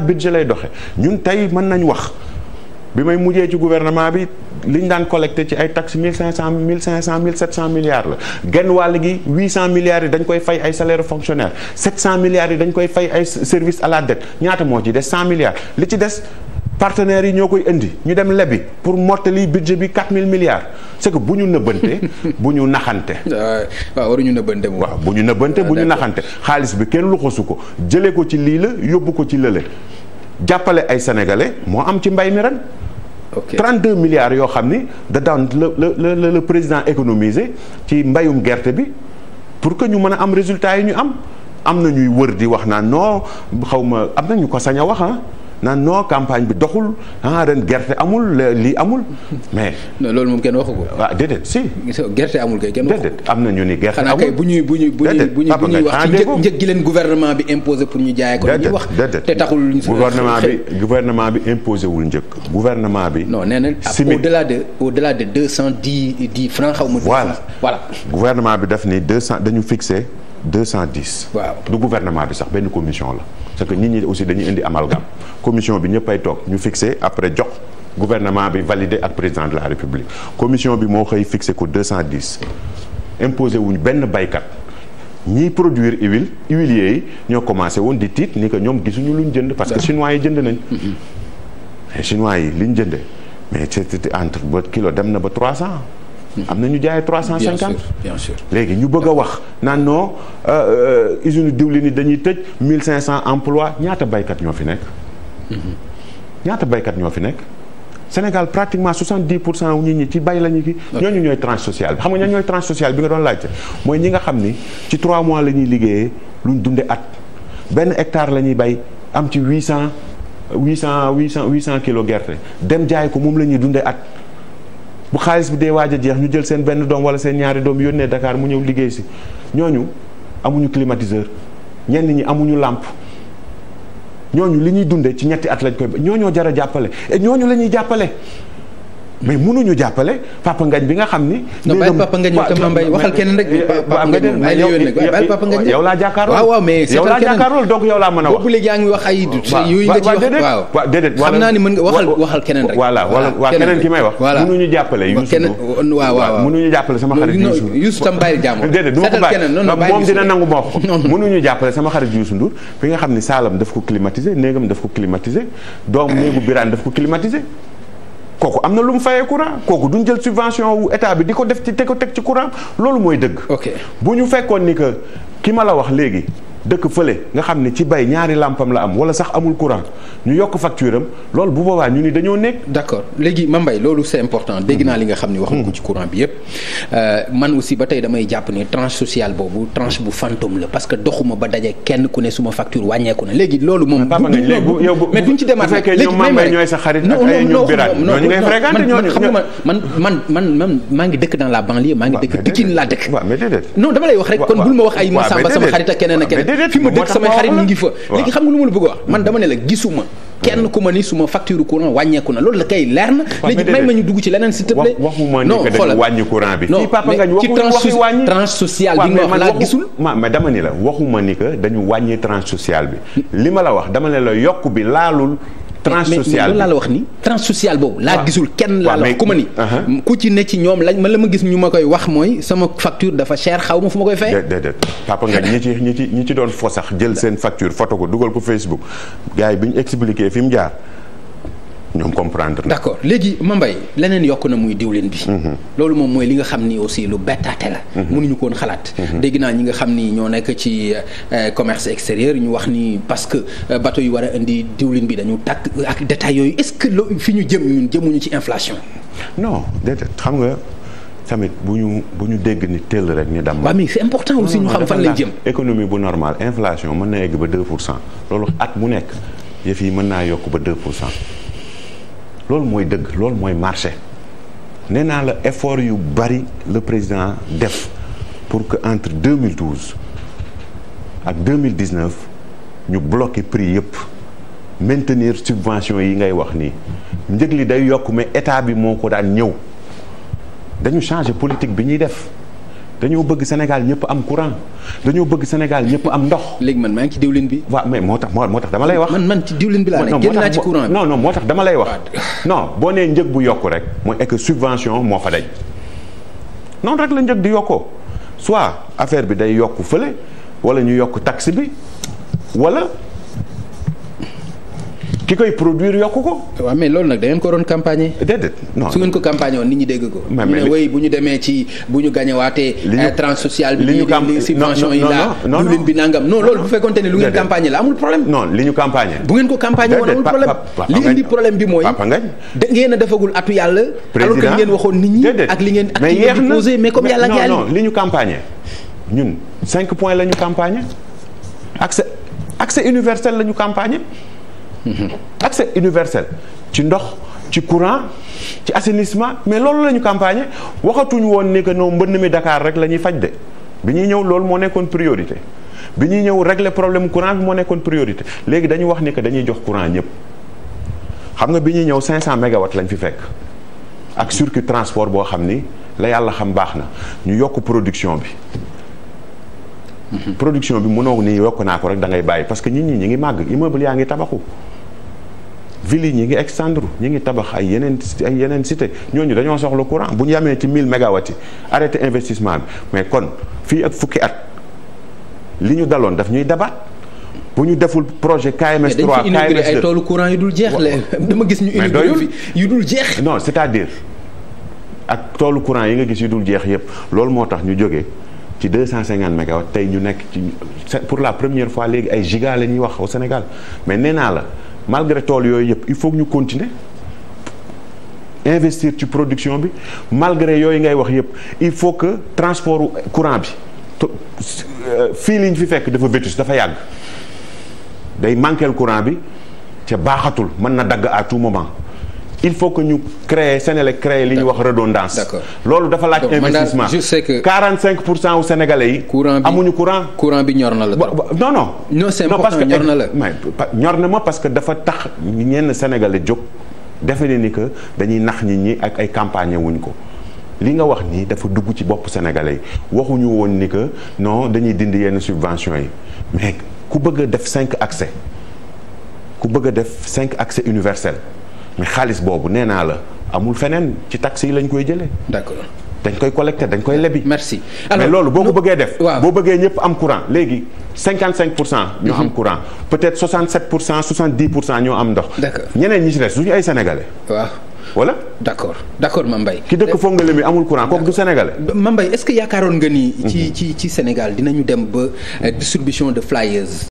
budget lay doxe ñun tey mën nañu wax bi may mujjee ci gouvernement bi li liñ daan collecté ci ay taxes mille cinq cent mille cinq cent mille sept cent milliards la genn wàll gi huit cent milliards yi dañ koy fay ay salaire fonctionnaire sept cent milliards yi dañ koy fay ay service à la ñaata moo ci des cent milliards li ci des partenaires yi ñoo koy indi ñu dem lebi pour mottali budget bi 4000 milliards c'est que bu ñu nëbbante bu ñu naxante. waaw waruñu nëbbante moom. waaw bu ñu nëbbante bu ñu naxante xaalis bi kenn luxasu ko jëlee ko ci lii la yóbbu ko ci lële jàppale ay sénégalais moo am ci mbay mi ren. ok 32 milliards yoo xam ni da daan la la la président économiser ci mbayum gerte bi pour que ñu mën a am résultat yi ñu am am na ñuy wër di wax naa noo xaw ma am na ñu ko sañ a wax naan non campagne bi doxul ah ren gerte amul lii amul mais. non loolu moom kenn waxu ko. waaw ah, si. gerte amul kay kenn waxu am na ñu ni gerte amul. xanaa kay bu ñuy bu ñuy bu ñuy bu ñuy wax ci njëg gi leen gouvernement bi imposé pour ñu jaay ko. déedéet wax te taxul. gouvernement bi gouvernement bi imposé wul njëg. gouvernement bi. non nee na au delà de au delà de deux cent dix dix francs xaw ma. voilà voilà. gouvernement bi daf ni deux cent dañu fixé deux cent dix. waaw du gouvernement bi sax benn commission la. parce que ñi aussi dañuy indi amalgame commission bi ñëppay toog ñu fixé après jox gouvernement bi validé ak président de la république commission bi moo xëy fixé ko 210 imposé wuñ benn baykat ñiy produire huile huiliers yi ñoo commencé woon di tiit ni que ñoom gisuñu luñ jënd parce que chinois yi jënd nañ mm-hmm. mais chinois yi liñ jënd mais c'est entre ba kilo dem na ba 300 am na ñu jaayee trois cent cinquante. bien léegi ñu bëgg a wax naan noo non euh, euh, usine diwlin yi dañuy tëj mille cinq cent emplois ñaata baykat ñoo fi nekk. Mhm. ñaata baykat ñoo fi nekk. Sénégal pratiquement 70 pour cent nit ñi ci bay la ñu ki ñooñu ñooy tranche sociale bi xam nga ñoo ñooy tranche sociale bi nga doon laajte mooy ñi nga xam ni ci 3 mois la ñuy liggéeyee luñ dundee at benn hectare la ñuy bay am ci 800 800 800 800 kilos gerte dem jaay ko moom la ñuy dunde at bu xaalis bi dee waaj a jeex ñu jël seen benn doom wala seen ñaari doom yónnee Dakar mu ñëw liggéey si ñooñu amuñu climatiseur ñenn ñi amuñu làmp ñooñu li ñuy dundee ci ñetti at lañ koy ñooñoo jar a jàppale ñooñu la ñuy jàppale. mais mënuñu jàppale Papa Ngagne bi nga xam ni. non bàyyi Papa Ngagne yow tam mbay laa jàkkaarloo waaw waaw mais laa jàkkaarloo a wax. boobu léegi yaa ngi wax ay yooyu nga ci wax waaw waaw déedéet xam naa ni mën nga may wax. voilà mënuñu jàppale Youssou. waaw waaw mënuñu jàppale sama xarit Youssou Ndour. tam bàyyi jàmm déedéet moom dina nangu ma ko mënuñu jàppale sama xarit Youssou Ndour bi nga xam ni saalam daf ko climatiser néegam daf ko climatiser doom néegu biraan daf ko climatiser kooku am na lu mu fayee courant kooku duñ jël subvention wu état bi di ko def ci te ko teg ci courant loolu mooy dëgg. ok bu ñu fekkoon ni que ki ma la wax léegi. dëkk fële nga xam ne ci bay ñaari làmpam la am wala sax amul courant ñu yokk facture am loolu bu boobaa ñu ni dañoo nekk. d'accord léegi Mame ma loolu c'est important dégg mm-hmm. naa li nga xam ne wax nga ko mm-hmm. ci courant bi yëpp euh, man aussi ba tey damay jàpp ne boobu tranche bu fantôme la parce que ku ne suma facture wàññeeku na léegi loolu moom. mais duñ ak ay ñoom nga dëkk dans la banlieue maa ngi dëkk Pikine laa dëkk non dama lay wax rek kon bul ma wax ay ma sama xarit ak keneen ak keneen déedéet fi ma dëkk samay xarit ñu ngi fa léegi xam nga lu ma la bëgg wax man dama ne la gisuma kenn ku ma ni suma facture courant wàññeeku na loolu la kay leer na léegi may ma ñu dugg ci leneen s'il te plaît non xoolal wàññi courant bi non ci tranche sociale bi nga wax laa gisul ma mais dama ni la waxuma ni que dañu wàññi tranche sociale bi li ma la wax dama ne la yokk bi laalul transsocial loolu laa la wax ni transsocial boobu laa gisul kenn laa la wax ku ma ni uh-huh. ku ci ne ci ñoom lañ man la ma gis ñu ma koy wax mooy sama facture dafa cher xaw ma fu ma koy fay déedéet papa nga ñi ci ñi ci ñi ci doon fo sax jël seen facture photo ko dugal ko Facebook gars yi bi ñu expliqué fi mu jaar ñoom comprendre na. d' accord léegi Mambay leneen yokk na muy diwlin bi. Mhm. loolu moom mooy li nga xam ni aussi lu bettaate la. Mhm. mënuñu ko woon xalaat. Mhm. dégg naa ñi nga xam ni ñoo nekk ci euh, euh, commerce extérieur ñu wax ni parce que euh, bateau yi war a indi diwlin bi dañu tàkk ak détail yooyu est ce que loo fi ñu jëm ñun jëmuñu ci inflation. non déedéet xam nga tamit bu ñu bu ñu dégg ni teel rek ñu dem. waaw mais c' est important aussi ñu xam fan lañ jëm. économie bu normal inflation mën na yegg ba 2 pour cent loolu at bu nekk yëf yi mën naa yokk ba 2 pour cent. loolu mooy dëgg loolu mooy marché nee naa la effort yu bari le président def pour que entre 2012 ak 2019 ñu bloqué prix yëpp maintenir subvention yi ngay wax nii njëg li day yokk ma état bi moo ko daan ñëw dañu changer politique bi ñuy def dañoo bëgg Sénégal ñëpp am courant dañoo bëgg Sénégal ñëpp am ndox. léegi man maa ngi ci diwlin bi. mais moo tax moo tax dama lay wax. man man ci diwlin bi laa ne génn naa moo tax dama lay wax. non boo nee njëg bu yokku rek. mooy est que subvention moo fa dañ. noonu rek la njëg di yokkoo soit affaire bi day yokk fële wala ñu yokk tax bi wala. ki koy produire yokk ko. waaw mais loolu nag da ngeen ko doon campagne. déedéet non su ngeen ko campagne woon nit ñi dégg ko. mais mais wéy bu ñu demee ci bu ñu gañewaatee. li euh, bi. li ñu campagne subvention bu fekkonte ne lu ngeen campagne la amul problème. non li ñu campagne. bu bi mooy. papa ngañ da ngeen a defagul atu yàlla. président alors li ngeen ak li ngeen posé mais la ñu campagne accès accès universel la ñu campagne accès universel ci ndox ci courant ci assainissement mais loolu la ñu campagne waxatuñu woon ne que non mbënn mi dakaar rek la ñuy faj de bi ñuy ñëw loolu moo nekkoon priorité bi ñuy ñëw régler problème courant bi moo nekkoon priorité léegi dañu wax ni que dañuy jox courant ñëpp xam nga bi ñuy ñëw 500 mégawatts lañ fi fekk ak circuit transport boo xam ni la yàlla xam baax na ñu yokk production bi. Mhm. production bi mënoo ni yokk naa ko rek da ngay bàyyi parce que nit ñi ñi ngi màgg immeuble yaa ngi tabaxu. ville yi ñi ngi extendre ñu ngi tabax ay yeneen ay yeneen cité ñooñu dañoo soxla courant bu ñu yamee ci 1000 mégawatts yi arrêté investissement bi mais kon fii ak fukki at li ñu daloon daf ñuy dabaat bu ñu deful projet KMS 3 KMS 2 toolu courant yi dul jeex dama gis ñu inauguré yu dul jeex. no c'est-à-dire ak toolu courant yi nga gis yu dul jeex yépp loolu moo tax ñu jóge ci 250 mégawatts tey ñu nekk ci pour la première fois léegi ay giga la ñuy wax au Sénégal mais nee naa la malgré tool yooyu yëpp il faut ñu continuer investir ci production bi malgré yooyu ngay wax yëpp il faut que transport courant bi fii liñ fi fekk dafa vétus dafa yàgg day manqué courant bi te baaxatul mën na dagg à tout moment il faut que ñu créer senele créer li ñu wax redondance. loolu dafa laaj investissement. je sais que 45 pour cent wu sénégalais yi. courant bi amuñu courant. courant bi ñor na la trop. non non. non c'est important ñor na la ñor na ma parce que dafa tax ñenn sénégalais jóg defe ne ni que dañuy nax nit ñi ak ay campagne wuñ ko. li nga wax nii dafa dugg ci bopp sénégalais yi waxuñu woon ni que non dañuy dindi yenn subvention yi mais ku bëgg a def cinq accès ku bëgg def cinq accès universel mais xaalis boobu nee naa la amul feneen ci taxes yi lañ koy jëlee. d'accord dañ koy collecté dañ koy lebi. merci alors mais loolu boo ko bëggee def. waaw boo bëggee ñëpp am courant léegi 55 pour cent. ñu mhm. am courant peut-être 67 pour cent 70 pour cent ñoo am ndox. d'accord ñeneen ñi ci des suñu ay sénégalais. waaw. voilà d'accord d'accord Mame Mbaye ki dëkk Fongolimbi mi amul courant kooku du sénégalais. Mame Mbaye est-ce que yaakaaroon nga ni. Mhm. ci ci ci Sénégal dinañu dem ba euh, distribution de flyers.